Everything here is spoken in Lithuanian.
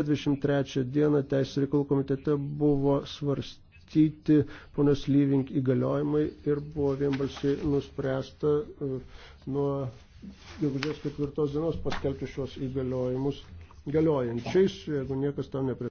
23 dieną Teisės reikalų komitete buvo svarstyti ponios Lyvink įgaliojimai ir buvo vienbalsiai nuspręsta e, nuo gegužės ketvirtos dienos paskelbti šios įgaliojimus galiojančiais, jeigu niekas tam neprie.